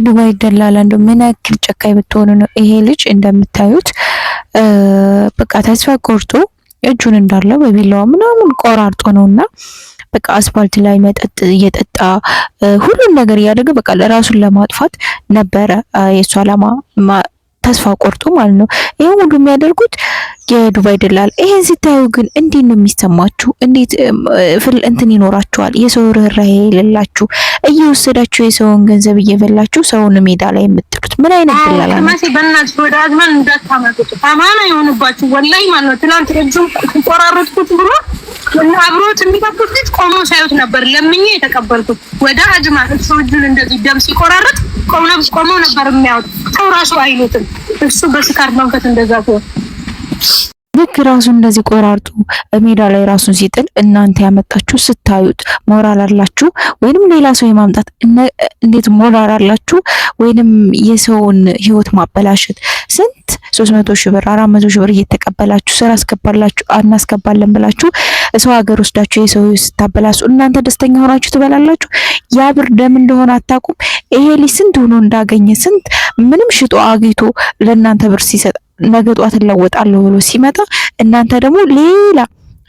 የዱባይ ደላላ እንደው ምን ያክል ጨካኝ ብትሆኑ ነው? ይሄ ልጅ እንደምታዩት በቃ ተስፋ ቆርጦ እጁን እንዳለው በቢላዋ ምናምን ቆራርጦ ነውና በቃ አስፋልት ላይ መጠጥ እየጠጣ ሁሉን ነገር እያደረገ በቃ ለራሱን ለማጥፋት ነበረ የእሱ ዓላማ ተስፋ ቆርጦ ማለት ነው። ይሄ ሁሉ የሚያደርጉት የዱባይ ደላል። ይሄን ሲታዩ ግን እንዴት ነው የሚሰማችሁ? እንዴት ፍል እንትን ይኖራችኋል? የሰው ርኅራኄ የሌላችሁ እየወሰዳችሁ የሰውን ገንዘብ እየበላችሁ ሰውን ሜዳ ላይ የምትሉት ምን አይነት ደላላ ነው? ማሲ በእናትሽ ወደ አዝማን እንዳታመጡት አማና የሆኑባችሁ ወላይ ማለት ነው። ትናንት እጁን ቆራረጥኩት ብሎ አብሮት የሚጠብቁት ልጅ ቆሞ ሳይሆት ነበር ለምኜ የተቀበልኩት። ወደ አጅማ እሱ እጁን እንደዚህ ደም ሲቆራረጥ ቆምነብስ ቆመው ነበር የሚያዩት። ሰው ራሱ አይሉትም። እሱ በስካር መንከት እንደዛ ሲሆን ልክ ራሱ እንደዚህ ቆራርጡ ሜዳ ላይ ራሱን ሲጥል እናንተ ያመጣችሁ ስታዩት ሞራል አላችሁ ወይንም ሌላ ሰው የማምጣት እንዴት ሞራል አላችሁ? ወይንም የሰውን ህይወት ማበላሸት ስንት ሶስት መቶ ሺህ ብር አራት መቶ ሺህ ብር እየተቀበላችሁ ስራ አስገባላችሁ አናስገባለን ብላችሁ ሰው ሀገር ወስዳችሁ የሰው ህይወት ስታበላሱ እናንተ ደስተኛ ሆናችሁ ትበላላችሁ። ያ ብር ደም እንደሆነ አታውቁም። ይሄ ልጅ ስንት ሆኖ እንዳገኘ ስንት ምንም ሽጦ አግኝቶ ለእናንተ ብር ሲሰጥ ነገ ጧት እለወጣለሁ ብሎ ሲመጣ እናንተ ደግሞ ሌላ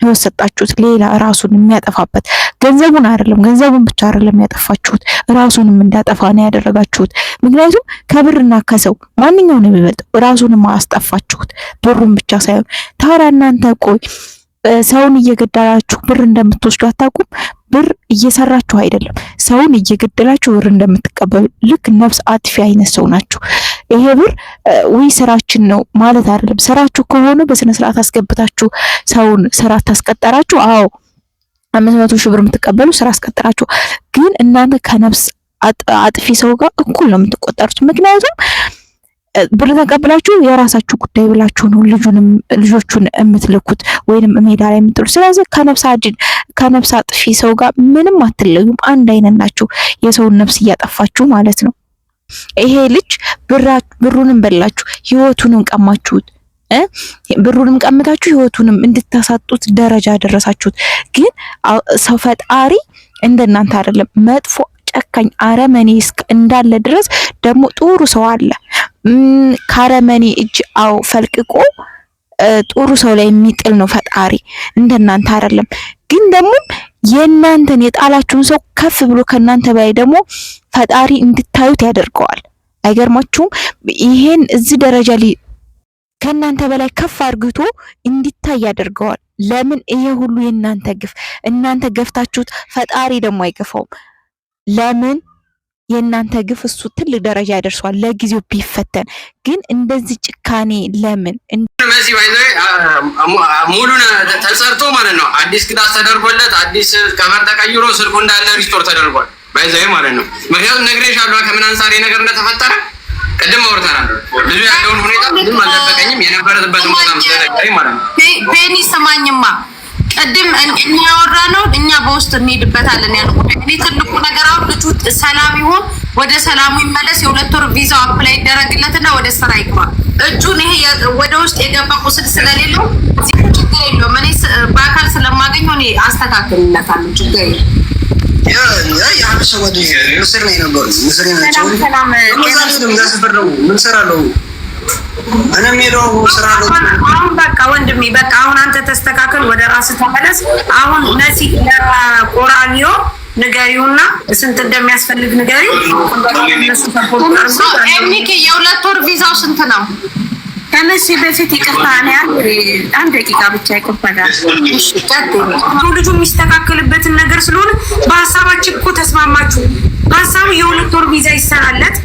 ህይወት ሰጣችሁት። ሌላ ራሱን የሚያጠፋበት ገንዘቡን አይደለም፣ ገንዘቡን ብቻ አይደለም ያጠፋችሁት፣ ራሱንም እንዳጠፋ ነው ያደረጋችሁት። ምክንያቱም ከብርና ከሰው ማንኛውን የሚበልጠው ራሱንም አስጠፋችሁት፣ ብሩን ብቻ ሳይሆን። ታዲያ እናንተ ቆይ ሰውን እየገደላችሁ ብር እንደምትወስዱ አታውቁም። ብር እየሰራችሁ አይደለም፣ ሰውን እየገደላችሁ ብር እንደምትቀበሉ ልክ ነፍስ አጥፊ አይነት ሰው ናችሁ። ይሄ ብር ወይ ስራችን ነው ማለት አይደለም። ስራችሁ ከሆነ በስነ ስርዓት አስገብታችሁ ሰውን ስራ ታስቀጠራችሁ። አዎ አምስት መቶ ሺህ ብር የምትቀበሉ ስራ አስቀጠራችሁ። ግን እናንተ ከነፍስ አጥፊ ሰው ጋር እኩል ነው የምትቆጠሩት ምክንያቱም ብር ተቀብላችሁ የራሳችሁ ጉዳይ ብላችሁ ነው ልጁንም ልጆቹን የምትልኩት ወይንም ሜዳ ላይ የምትሉ። ስለዚህ ከነፍስ አድን ከነፍስ አጥፊ ሰው ጋር ምንም አትለዩም፣ አንድ አይነት ናችሁ። የሰውን ነፍስ እያጠፋችሁ ማለት ነው። ይሄ ልጅ ብሩንም በላችሁ፣ ህይወቱንም ቀማችሁት። ብሩንም ቀምታችሁ ህይወቱንም እንድታሳጡት ደረጃ ደረሳችሁት። ግን ሰው ፈጣሪ እንደናንተ አይደለም። መጥፎ ጨካኝ አረመኔ እንዳለ ድረስ ደግሞ ጥሩ ሰው አለ። ከአረመኔ እጅ አው ፈልቅቆ ጥሩ ሰው ላይ የሚጥል ነው ፈጣሪ። እንደናንተ አይደለም ግን ደግሞ የእናንተን የጣላችሁን ሰው ከፍ ብሎ ከእናንተ በላይ ደግሞ ፈጣሪ እንድታዩት ያደርገዋል። አይገርማችሁም? ይሄን እዚህ ደረጃ ከእናንተ በላይ ከፍ አርግቶ እንዲታይ ያደርገዋል። ለምን? ይሄ ሁሉ የእናንተ ግፍ እናንተ ገፍታችሁት፣ ፈጣሪ ደግሞ አይገፋውም። ለምን የእናንተ ግፍ እሱ ትልቅ ደረጃ ያደርሰዋል። ለጊዜው ቢፈተን ግን እንደዚህ ጭካኔ ለምን መሲ ባይዘ ሙሉን ተሰርቶ ማለት ነው። አዲስ ግዳስ ተደርጎለት አዲስ ከበር ተቀይሮ ስልኩ እንዳለ ሪስቶር ተደርጓል። ባይዘይ ማለት ነው። ምክንያቱም ነግሬሻለሁ ከምን አንሳር ነገር እንደተፈጠረ ቅድም አውርተናል። ብዙ ያለውን ሁኔታ ምንም አልጠበቀኝም የነበረበት ቦታ ምስለ ማለት ነው። ቤኒ ስማኝማ ቅድም እኛ ያወራ ነው እኛ በውስጥ እንሄድበታለን። ያልኩት እኔ ትልቁ ነገር አሁን ልጁ ሰላም ይሁን፣ ወደ ሰላሙ ይመለስ፣ የሁለት ወር ቪዛው አፕላይ ይደረግለትና ወደ ስራ ይግባ። እጁን ይሄ ወደ ውስጥ የገባ ቁስል ስለሌለው ችግር የለውም። እኔ በአካል ስለማገኘው እኔ አስተካክልለታለሁ። ችግር የለውም። የሀበሻ ጓደኞች ምስር ነው የነበሩ ምስር ናቸው። ምን ሰራለው ምንም አሁን በቃ ወንድሜ በቃ አሁን አንተ ተስተካከል፣ ወደ ተመለስ። አሁን ቆራኒዮ ንገሪውና ስንት እንደሚያስፈልግ ንገሪው። የሁለት ወር ቪዛው ስንት ነው? በፊት ይቅርታ፣ አንድ ደቂቃ ብቻ ይቆፈጋል። ልጁ የሚስተካከልበትን ነገር ስለሆነ በሀሳባችን እኮ ተስማማችሁ። ሀሳቡ የሁለት ወር ቪዛ ይሰራለት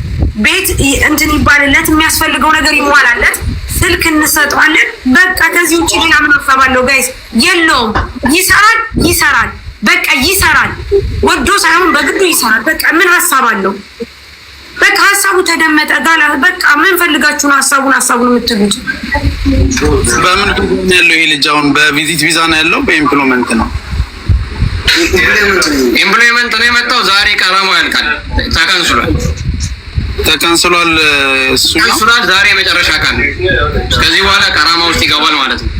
ቤት እንትን ይባልለት የሚያስፈልገው ነገር ይሟላለት፣ ስልክ እንሰጠዋለን። በቃ ከዚህ ውጭ ሌላ ምን ሀሳብ ጋይስ የለውም። ይሰራል ይሰራል፣ በቃ ይሰራል። ወዶ ሳይሆን በግዱ ይሰራል። በቃ ምን ሀሳብ አለው? በቃ ሀሳቡ ተደመጠ ጋላ በቃ ምን ፈልጋችሁን? ሀሳቡን ሀሳቡን የምትሉት በምን ያለው ይሄ ልጅ አሁን በቪዚት ቪዛ ነው ያለው በኢምፕሎመንት ነው ኢምፕሎመንት ነው የመጣው። ዛሬ ቀለሙ ያልቃል፣ ተቀንስሏል። ተከንስሏል። ተከንስሏል። ዛሬ የመጨረሻ ቀን፣ ከዚህ በኋላ ቀራማ ውስጥ ይገባል ማለት ነው።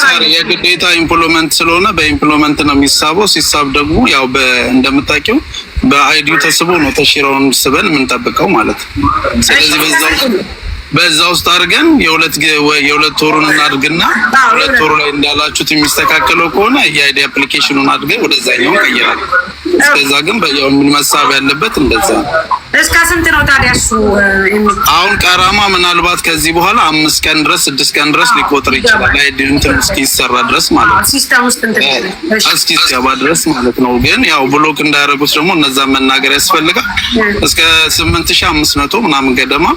ስለዚህ የግዴታ ኢምፕሎመንት ስለሆነ በኢምፕሎመንት ነው የሚሳበው። ሲሳብ ደግሞ ያው እንደምታውቂው በአይዲው ተስቦ ነው ተሽረውን ስበን የምንጠብቀው ማለት ነው። ስለዚህ በዛው በዛ ውስጥ አድርገን የሁለት የሁለት ወሩን እናድርግና ሁለት ወሩ ላይ እንዳላችሁት የሚስተካከለው ከሆነ የአይዲ አፕሊኬሽኑን አድርገን ወደዛኛው ቀይራል። እስከዛ ግን ምን መሳብ ያለበት እንደዛ ነው። እስከ ስንት ነው ታዲያ እሱ? አሁን ቀራማ ምናልባት ከዚህ በኋላ አምስት ቀን ድረስ ስድስት ቀን ድረስ ሊቆጥር ይችላል። አይዲ እንትን እስኪሰራ ድረስ ማለት ነው፣ ሲስተም ውስጥ እስኪገባ ድረስ ማለት ነው። ግን ያው ብሎክ እንዳያደርጉት ደግሞ እነዛ መናገር ያስፈልጋል። እስከ ስምንት ሺህ አምስት መቶ ምናምን ገደማ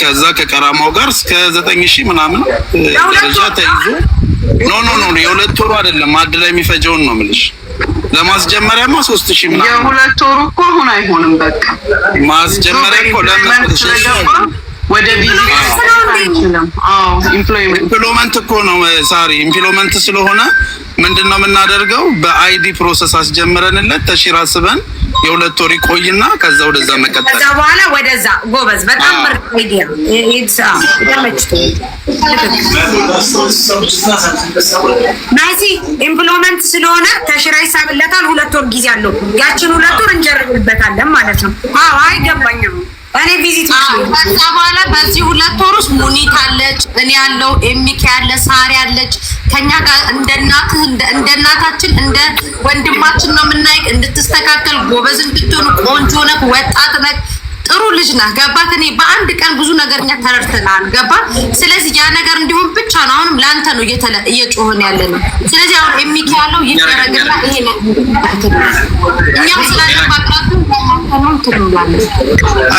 ከዛ ከቀራማው ጋር እስከ ዘጠኝ ሺህ ምናምን ደረጃ ተይዞ ኖ ኖ ኖ የሁለት ወሩ አይደለም ማድ ላይ የሚፈጀውን ነው የምልሽ። ለማስጀመሪያማ ሶስት ሺህ ምናምን የሁለት ወሩ እኮ አሁን አይሆንም። በቃ ማስጀመሪያ እኮ ለምን ወደ ኢምፕሎይመንት እኮ ነው ሳሪ፣ ኢምፕሎይመንት ስለሆነ ምንድን ነው የምናደርገው? በአይዲ ፕሮሰስ አስጀምረንለት ተሽራ ስበን የሁለት ወር ይቆይና ከዛ ወደዛ መቀጠል ከዛ በኋላ ወደዛ ጎበዝ። በጣም ምርጥ አይዲያ ኢትሳ ናይሲ ኢምፕሎመንት ስለሆነ ተሽራ ይሳብለታል። ሁለት ወር ጊዜ አለው። ያችን ሁለት ወር እንጀርብበታለን ማለት ነው። አዎ አይገባኝም እኔ ቪዚት ከዛ በኋላ በዚህ ሁለት ወር ውስጥ ሙኒት አለች፣ እኔ ያለው ኤሚኬ ያለ ሳሪ አለች። ከኛ ጋር እንደናት እንደናታችን እንደ ወንድማችን ነው የምናይቅ። እንድትስተካከል ጎበዝ እንድትሆን ቆንጆ ነክ ወጣት ነክ ጥሩ ልጅ ነህ። ገባት እኔ በአንድ ቀን ብዙ ነገር እኛ ተረድተናል። ገባ ስለዚህ ያ ነገር እንዲሁም ብቻ ነው። አሁንም ለአንተ ነው እየጮህን ያለ ነው። ስለዚህ አሁን ኤሚኬ ያለው ይደረግና ይሄ ነው እኛም ስላለ ማቅራቱ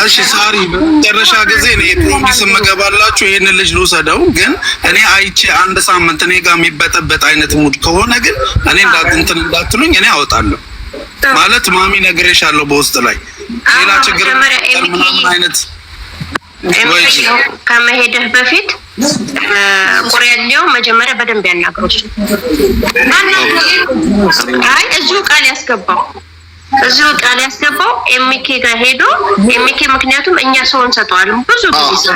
እሺ ሳሪ በመጨረሻ ጊዜ እኔ ፕሮሚስ መገባላችሁ ይህን ልጅ ልውሰደው፣ ግን እኔ አይቼ አንድ ሳምንት እኔ ጋር የሚበጠበጥ አይነት ሙድ ከሆነ ግን እኔ እንዳትንትን እንዳትሉኝ እኔ አወጣለሁ። ማለት ማሚ ነግሬሻለሁ በውስጥ ላይ ሌላ ችግር ምናምን አይነት ከመሄድህ በፊት ቁሪያሌው መጀመሪያ በደንብ ያናግሮች። አይ እዚሁ ቃል ያስገባው እዚሁ ቃል ያስገባው ኤሚኬ ጋር ሄዶ ኤሚኬ ምክንያቱም እኛ ሰውን እንሰጠዋለን ብዙ ጊዜ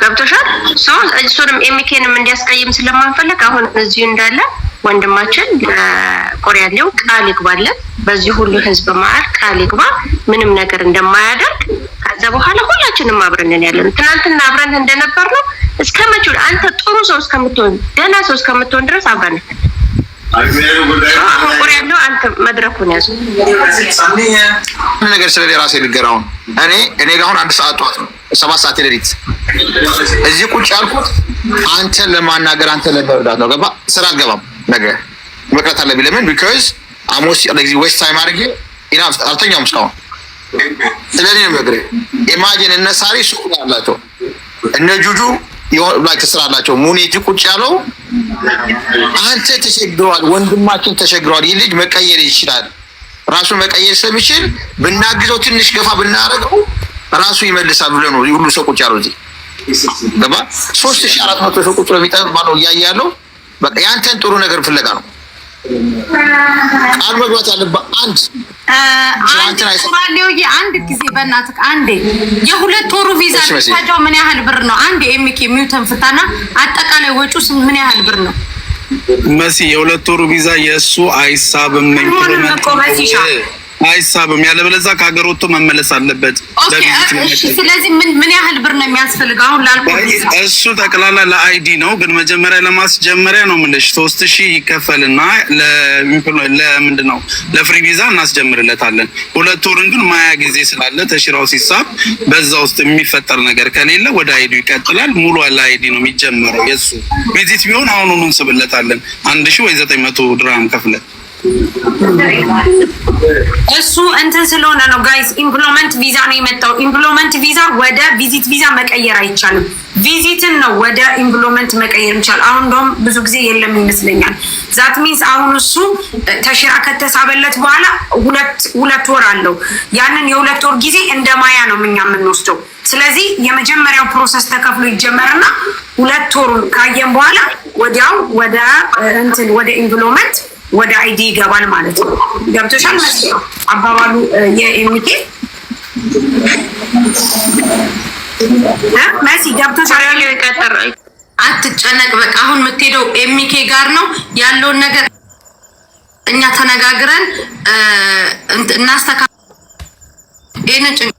ገብቶሻል። ሰው እሱንም ኤሚኬንም እንዲያስቀይም ስለማንፈልግ አሁን እዚሁ እንዳለ ወንድማችን ለቆሪያሌው ቃል ይግባለን። በዚህ ሁሉ ህዝብ መሀል ቃል ይግባ ምንም ነገር እንደማያደርግ። ከዛ በኋላ ሁላችንም አብረንን ያለን ትናንትና አብረን እንደነበር ነው እስከ መቼ አንተ ጥሩ ሰው እስከምትሆን ደህና ሰው እስከምትሆን ድረስ አብረን አሁን ነገር ስለ ራሴ ልንገር። እኔ እኔ ጋር አሁን አንድ ሰዓት ጠዋት ነው፣ ሰባት ሰዓት ሌሊት እዚህ ቁጭ ያልኩት አንተን ለማናገር አንተን ለመርዳት ነው። ገባ ስራ አልገባም ነገ መቅረት አለብኝ። ለምን ቢካዝ አሞስ ለዚህ ዌስት ታይም አድርጌ ኢና አልተኛውም እስካሁን። ስለዚህ ነው መግሬ ኢማጂን እነ ሳሪ ሱቁ ያላቸው እነ ጁጁ ስራ ናቸው። ሙኔጅ ቁጭ ያለው አንተ ተቸግረዋል፣ ወንድማችን ተቸግረዋል። ይህ ልጅ መቀየር ይችላል፣ ራሱን መቀየር ስለሚችል ብናግዘው፣ ትንሽ ገፋ ብናደርገው ራሱ ይመልሳል ብለ ነው ሁሉ ሰው ቁጭ ያለው እዚህ ገባ። ሶስት አራት መቶ ሰው ቁጭ የሚጠባ ነው እያየ ያለው በቃ የአንተን ጥሩ ነገር ፍለጋ ነው። ቃል መግባት ያለብህ አንድ አንድ አንድ ጊዜ በእናትህ አንዴ የሁለት ወሩ ቪዛ ታጫው ምን ያህል ብር ነው? አንድ ኤምኬ ሚውተን ፍታና አጠቃላይ ወጪውስ ምን ያህል ብር ነው? መሲ የሁለት ወሩ ቪዛ የእሱ አይሳብም። አይሳብም። ያለበለዛ ከሀገር ወጥቶ መመለስ አለበት። ስለዚህ ምን ያህል ብር ነው የሚያስፈልገው? አሁን ላልኩህ እሱ ጠቅላላ ለአይዲ ነው፣ ግን መጀመሪያ ለማስጀመሪያ ነው የምልሽ ሶስት ሺህ ይከፈልና ለምንድን ነው ለፍሪ ቪዛ እናስጀምርለታለን። ሁለት ወርን ግን ማያ ጊዜ ስላለ ተሽራው ሲሳብ በዛ ውስጥ የሚፈጠር ነገር ከሌለ ወደ አይዲ ይቀጥላል። ሙሉ ለአይዲ ነው የሚጀምረው። የሱ ቪዚት ቢሆን አሁኑኑ እንስብለታለን አንድ ሺህ ወይ ዘጠኝ መቶ ድራም ከፍለት እሱ እንትን ስለሆነ ነው ጋይስ። ኢምፕሎመንት ቪዛ ነው የመጣው። ኢምፕሎመንት ቪዛ ወደ ቪዚት ቪዛ መቀየር አይቻልም። ቪዚትን ነው ወደ ኢምፕሎመንት መቀየር ይቻል። አሁን እንደውም ብዙ ጊዜ የለም ይመስለኛል። ዛት ሚንስ አሁን እሱ ተሽራ ከተሳበለት በኋላ ሁለት ወር አለው። ያንን የሁለት ወር ጊዜ እንደ ማያ ነው እኛ የምንወስደው። ስለዚህ የመጀመሪያው ፕሮሰስ ተከፍሎ ይጀመርና ሁለት ወሩን ካየን በኋላ ወዲያው ወደ እንትን ወደ ኢምፕሎመንት ወደ አይዲ ይገባል ማለት ነው። ገብቶሻል ማለት ነው አባባሉ የኤምኬ መሲ ገብቶሻል። አትጨነቅ፣ በቃ አሁን የምትሄደው ኤሚኬ ጋር ነው ያለውን ነገር እኛ ተነጋግረን እናስተካ ይህንን